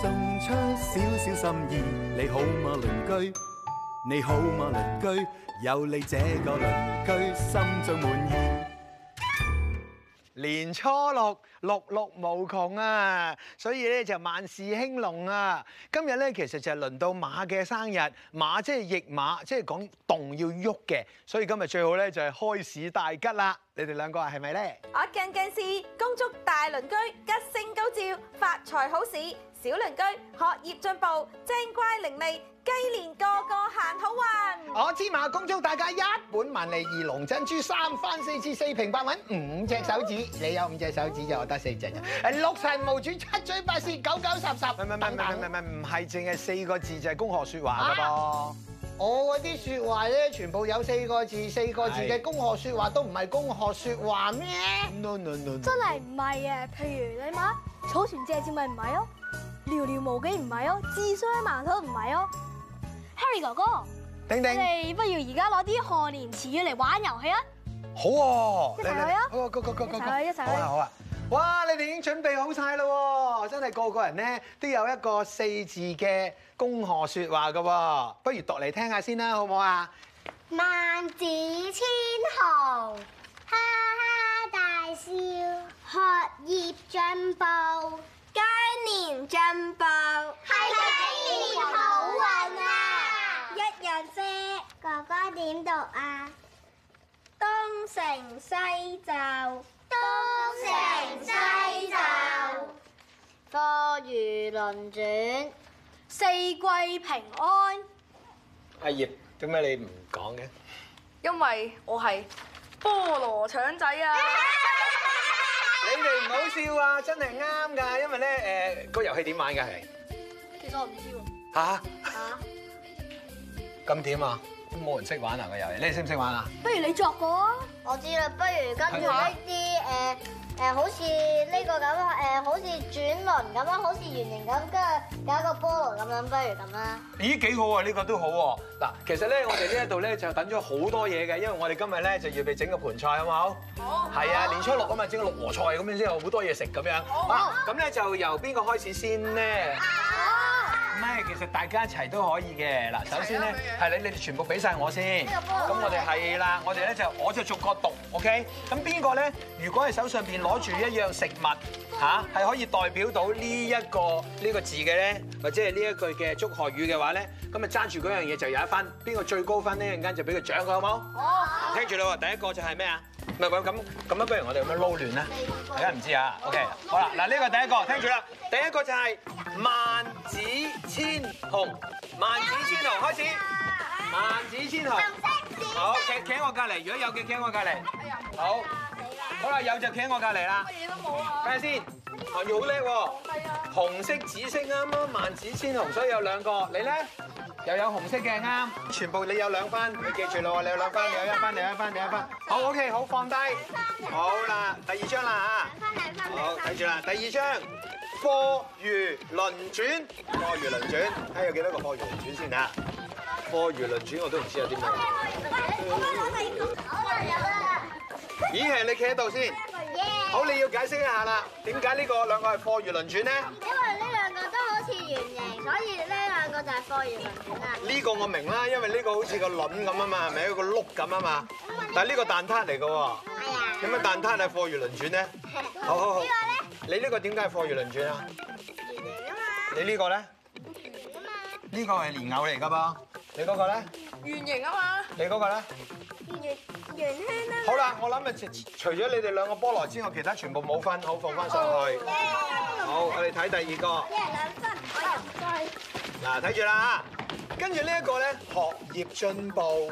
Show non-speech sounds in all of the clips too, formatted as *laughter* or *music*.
送出少少心意，你好嘛，鄰居？你好嘛，鄰居？有你這個鄰居，心中滿意。年初六，六六無窮啊，所以咧就萬事興隆啊。今日咧其實就係輪到馬嘅生日，馬即係驛馬，即係講動要喐嘅，所以今日最好咧就係開市大吉啦。你哋兩個係咪咧？是是呢我更更事，恭祝大鄰居吉星高照，發財好市。小鄰居學業進步，精乖伶俐，雞年個個行好運。我芝麻恭祝大家一本萬利，二龍珍珠，三番四次，四平八穩，五隻手指。你有五隻手指就我得四隻嘅。誒、啊、六神無主，七嘴八舌，九九十十。唔唔唔唔唔唔唔唔係淨係四個字，就係公學説話嘅噃。我嗰啲説話咧，全部有四個字，四個字嘅公學説話都唔係公學説話咩是？No no no！no, no, no. 真係唔係嘅，譬如你話草船借箭咪唔係咯？寥寥無幾唔係哦，智商盲頭唔係哦，Harry 哥哥，叮叮，你不如而家攞啲賀年詞嚟玩遊戲啊！好啊，一齊去啊！個個個個個一齊去，一齊去，好啊，好啊！哇，你哋已經準備好晒啦，真係個個人咧都有一個四字嘅恭賀說話噶，不如讀嚟聽下先啦，好唔好啊？萬紫千紅，哈哈大笑，學業進步。年進步，係今年好運啊！一樣啫，哥哥點讀啊？東成西就，東成西就，多餘輪轉，四季平安。阿葉，做咩你唔講嘅？因為我係菠蘿腸仔啊！你哋唔好笑啊！真係啱㗎，因為咧誒、呃嗰個遊戲點玩㗎係？其實我唔知喎。吓吓，咁點啊？啊冇人識玩啊，個遊戲，你哋識唔識玩啊？不如你作個，我知啦。不如跟住呢啲誒誒，好似呢個咁，誒好似轉輪咁啊，好似圓形咁，跟住搞個菠蘿咁樣，不如咁啦。咦，幾好啊，呢個都好喎。嗱，其實咧，我哋呢一度咧就等咗好多嘢嘅，因為我哋今日咧就要嚟整個盆菜，好唔好？好。係啊，年初六啊嘛，整、嗯、個六和菜咁先，好多嘢食咁樣。好啊。咁咧就由邊個開始先咧？啊其實大家一齊都可以嘅。嗱，首先咧係你，你哋全部俾晒我先。咁好我哋係啦，我哋咧就我就逐個讀，OK？咁邊個咧？如果係手上邊攞住一樣食物，嚇係可以代表到呢一個呢個字嘅咧，或者係呢一句嘅祝賀語嘅話咧，咁咪爭住嗰樣嘢就有一分。邊個最高分呢？陣間就俾佢獎佢好冇？哦好，聽住啦，第一個就係咩啊？唔係喂，咁咁樣不如我哋咁樣撈亂啦。大家唔知啊，OK，好啦，嗱呢個第一個，聽住啦，第一個就係萬紫千紅，萬紫千紅開始，萬紫千紅，好，企喺我隔離，如果有嘅，企喺我隔離，好，好啦，有就企喺我隔離啦，乜嘢都冇啊，睇下先，阿耀好叻喎，紅色紫色啱啊，萬紫千紅，所以有兩個，你咧？又有紅色嘅啱，全部你有兩分，你記住咯喎，你有兩分，你有一分，你有一分，你有一分。好，OK，好，放低。好啦，第二張啦啊！好，睇住啦，第二張，貨如輪轉。貨如輪轉，睇下有幾多個貨如輪轉先啊！貨如輪轉我都唔知有啲咩。已經你企喺度先。好，你要解釋一下啦，點解呢個兩個係貨如輪轉呢？因為呢兩個都好似圓形，所以咧。呢個我明啦，因為呢個好似個輪咁啊嘛，咪一個碌咁啊嘛。但係呢個蛋撻嚟㗎喎。係啊。點解蛋撻係貨如輪轉咧？好好好。呢個咧？你呢個點解係貨如輪轉啊？圓形啊嘛。你呢個咧？圓形啊嘛。呢個係蓮藕嚟㗎噃。你嗰個咧？圓形啊嘛。你嗰個咧？圓圓圈啦。好啦，我諗啊，除除咗你哋兩個菠蘿之外，其他全部冇分，好，放翻上去。好，我哋睇第二個。一人兩分。嗱，睇住啦，跟住呢一個咧，學業進步，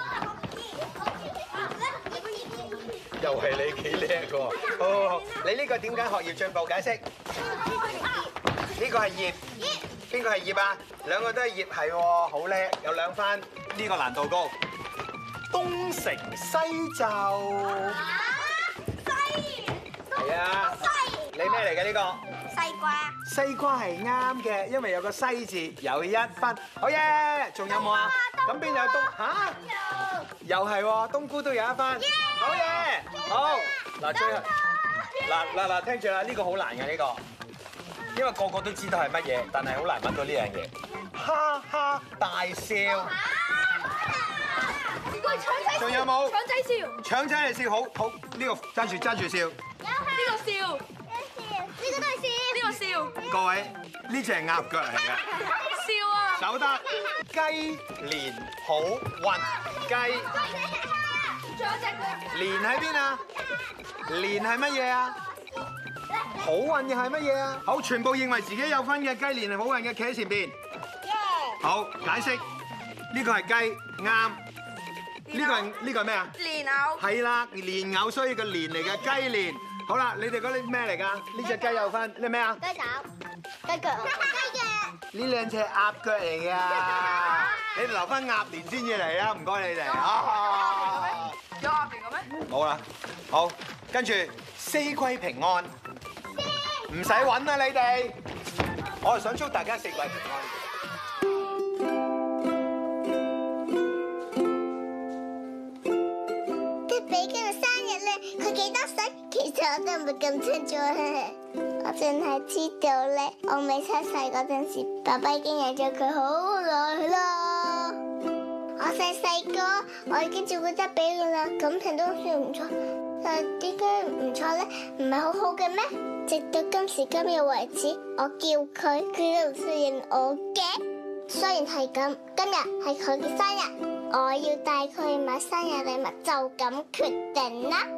又係你幾叻喎！你呢個點解學業進步解釋？呢個係葉，邊個係葉啊？兩個都係葉，係喎，好叻，有兩番，呢個難度高。東成西就，西，係啊，你咩嚟嘅呢個？西瓜，西瓜係啱嘅，因為有個西字，有一分，好嘢，仲有冇啊？咁邊度有冬吓？又係喎，冬菇都有一分，好嘢，好，嗱，最後，嗱嗱嗱聽住啦，呢個好難嘅呢個，因為個個都知道係乜嘢，但係好難揾到呢樣嘢，哈哈大笑，仲有冇？搶仔笑，搶仔係笑，好，好呢個揸住揸住笑，呢個笑。各位，呢隻係鴨腳嚟嘅。笑啊！走得雞蓮好運雞。仲有隻雞。蓮喺邊啊？蓮係乜嘢啊？好運嘅係乜嘢啊？好，全部認為自己有份嘅雞蓮係好運嘅，企喺前邊。好，解釋呢個係雞，啱。呢個呢個係咩啊？蓮藕係啦，蓮藕，所以個蓮嚟嘅雞蓮。好啦，你哋嗰啲咩嚟噶？呢隻雞有分，你係咩啊？雞爪、雞腳、雞腳。呢兩隻鴨腳嚟噶，你哋留翻鴨年先至嚟啦，唔該你哋。有鴨年嘅咩？冇啦。好，跟住四季平安，唔使揾啦你哋，我係想祝大家四季平安。其實我都唔係咁清楚， *laughs* 我淨係知道咧，我未出世嗰陣時，爸爸已經養咗佢好耐啦。我細細個我已經照顧得畀嘅啦，感情都算唔錯。但點解唔錯咧？唔係好好嘅咩？直到今時今日為止，我叫佢，佢都唔應我嘅。雖然係咁，今日係佢嘅生日，我要帶佢買生日禮物，就咁決定啦。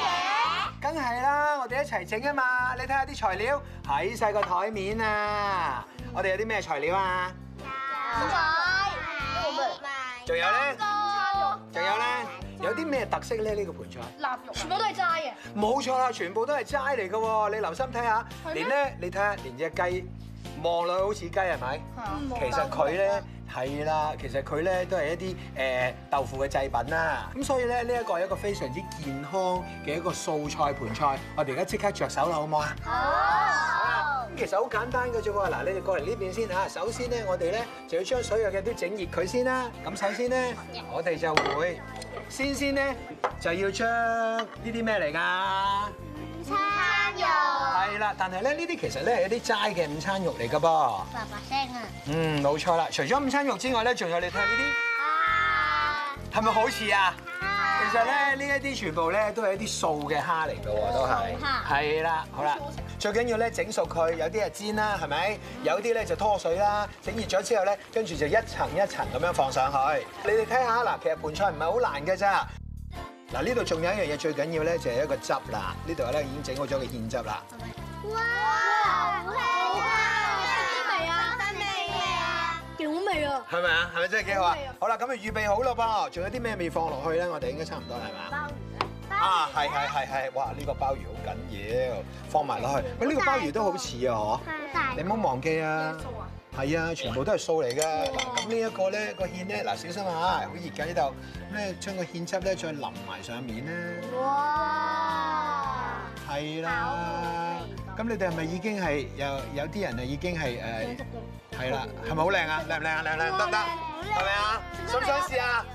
梗係啦，我哋一齊整啊嘛！你睇下啲材料喺晒個台面啊！我哋有啲咩材料啊？ *music* 有。有咩？仲有咧？仲有咧？有啲咩特色咧？呢、呢個盆菜。臘肉全。全部都係齋嘅。冇錯啦，全部都係齋嚟嘅喎！你留心睇下嗎，連咧，你睇下，連隻雞望落好似雞係咪？麼其實佢咧。係啦，其實佢咧都係一啲誒豆腐嘅製品啦，咁所以咧呢一個係一個非常之健康嘅一個素菜盆菜，我哋而家即刻着手啦，好唔好啊？好。咁其實好簡單㗎啫喎，嗱，你哋過嚟呢邊先嚇，首先咧我哋咧就要將所有嘅都整熱佢先啦，咁首先咧我哋就會先先咧就要將呢啲咩嚟㗎？午餐肉係啦，但係咧呢啲其實咧係一啲齋嘅午餐肉嚟噶噃，啪啪聲啊！嗯，冇錯啦。除咗午餐肉之外咧，仲有你睇下呢啲，係咪好似啊？是是啊，其實咧呢一啲全部咧都係一啲素嘅蝦嚟嘅喎，都係，係啦蝦，好啦。最緊要咧整熟佢，有啲係煎啦，係咪？有啲咧就拖水啦，整熱咗之後咧，跟住就一層一層咁樣放上去。的你哋睇下嗱，其實盆菜唔係好難嘅咋。嗱，呢度仲有一樣嘢最緊要咧，就係一個汁啦。呢度咧已經整好咗個芡汁啦嗎。係咪？哇！哇，好香啊！啱未啊？啱未啊？幾好味啊！係咪啊？係咪真係幾好啊？好啦，咁就預備好咯噃。仲有啲咩未放落去咧？我哋應該差唔多係嘛？鮑魚啊！啊，係係係係，哇！呢個鮑魚好緊要，放埋落去。咁呢個鮑魚都好似啊，嗬的？好大的。你唔好忘記啊。係啊，全部都係素嚟噶。嗱，咁呢一個咧，個芡咧，嗱，小心啊，好熱㗎呢度。咁咧將個芡汁咧再淋埋上面咧。哇！係啦。咁你哋係咪已經係有有啲人係已經係誒？係啦，係咪好靚啊？靚唔靚啊？靚唔靚？得唔得？係咪啊？想唔想試啊？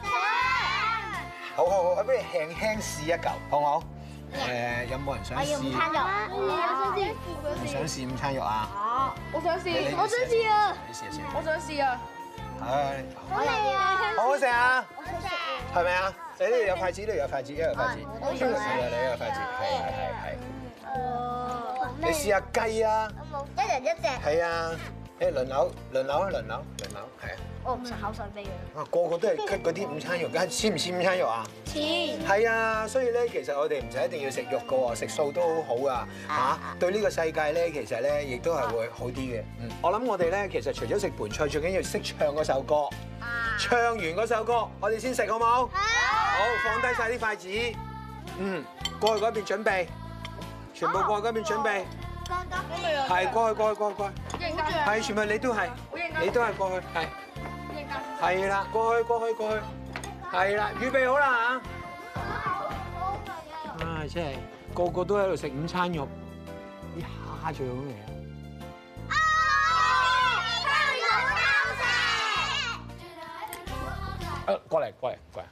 好好好，不如輕輕試一嚿，好唔好？誒，有冇人想試午餐肉？嗯，想試，有想試。想試午餐肉啊？哦，我想試，我想試啊！你試啊，我想試啊！好靚啊！好好食啊？好食！係咪啊？你呢度有筷子，呢度有筷子，呢度筷子，呢度食啊，你呢度筷子，係係係係。哦。你試下雞啊！一人一隻。係啊，誒輪流，輪流，輪流，輪流，係啊。我唔食口水雞嘅。啊，個個都係 cut 嗰啲午餐肉，梗係似唔似午餐肉啊？似！係啊錢，所以咧，其實我哋唔使一定要食肉嘅喎，食素都好好㗎吓，對呢個世界咧，其實咧，亦都係會好啲嘅。我諗我哋咧，其實除咗食盆菜，最緊要識唱嗰首歌。唱完嗰首歌，我哋先食好冇？好。好，放低晒啲筷子。嗯。過去嗰邊準備。全部過去嗰邊準備。係過去過去過去過去。好。係棒全部你都係。你都係棒過去係。係啦，過去過去過去，係啦，預備好啦嚇！啊，真係個個都喺度食午餐肉，一下好味。啊、哦！加油！加油！誒，過嚟過嚟過嚟。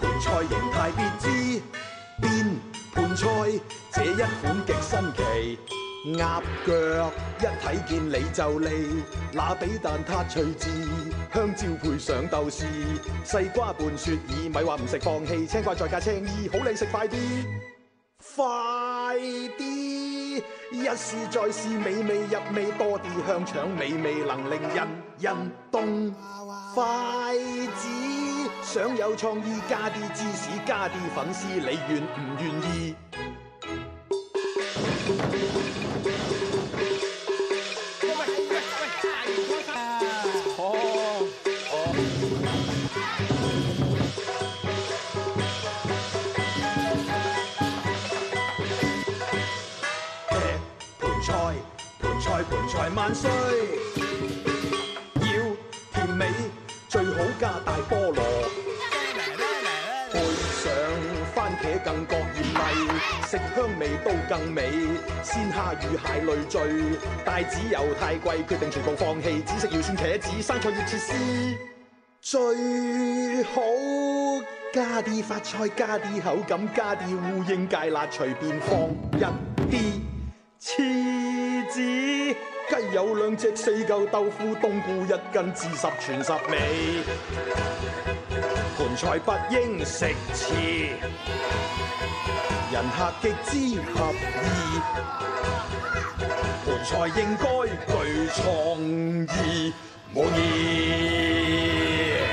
盆菜形態別緻，變盆菜這一款極新奇，鴨腳一睇見你就嚟，那比蛋撻趣致，香蕉配上豆豉，西瓜伴雪耳，咪話唔食放棄，青瓜再加青衣，好靚食快啲，快啲一試再試，美味入味多啲，香腸美味能令人人動，快！想有創意，加啲芝士，加啲粉絲，你願唔願意？更覺豔麗，食香味都更美。鮮蝦魚蟹類最，帶子油太貴，決定全部放棄。只食腰鮮茄子、生菜要切絲，絲，最好加啲發菜，加啲口感，加啲烏蠅芥辣，隨便放一啲，次之。雞有兩隻，四嚿豆腐、冬菇一斤，至十全十美。盆菜不應食次，人客極之合意。盆菜應該具創意，滿意。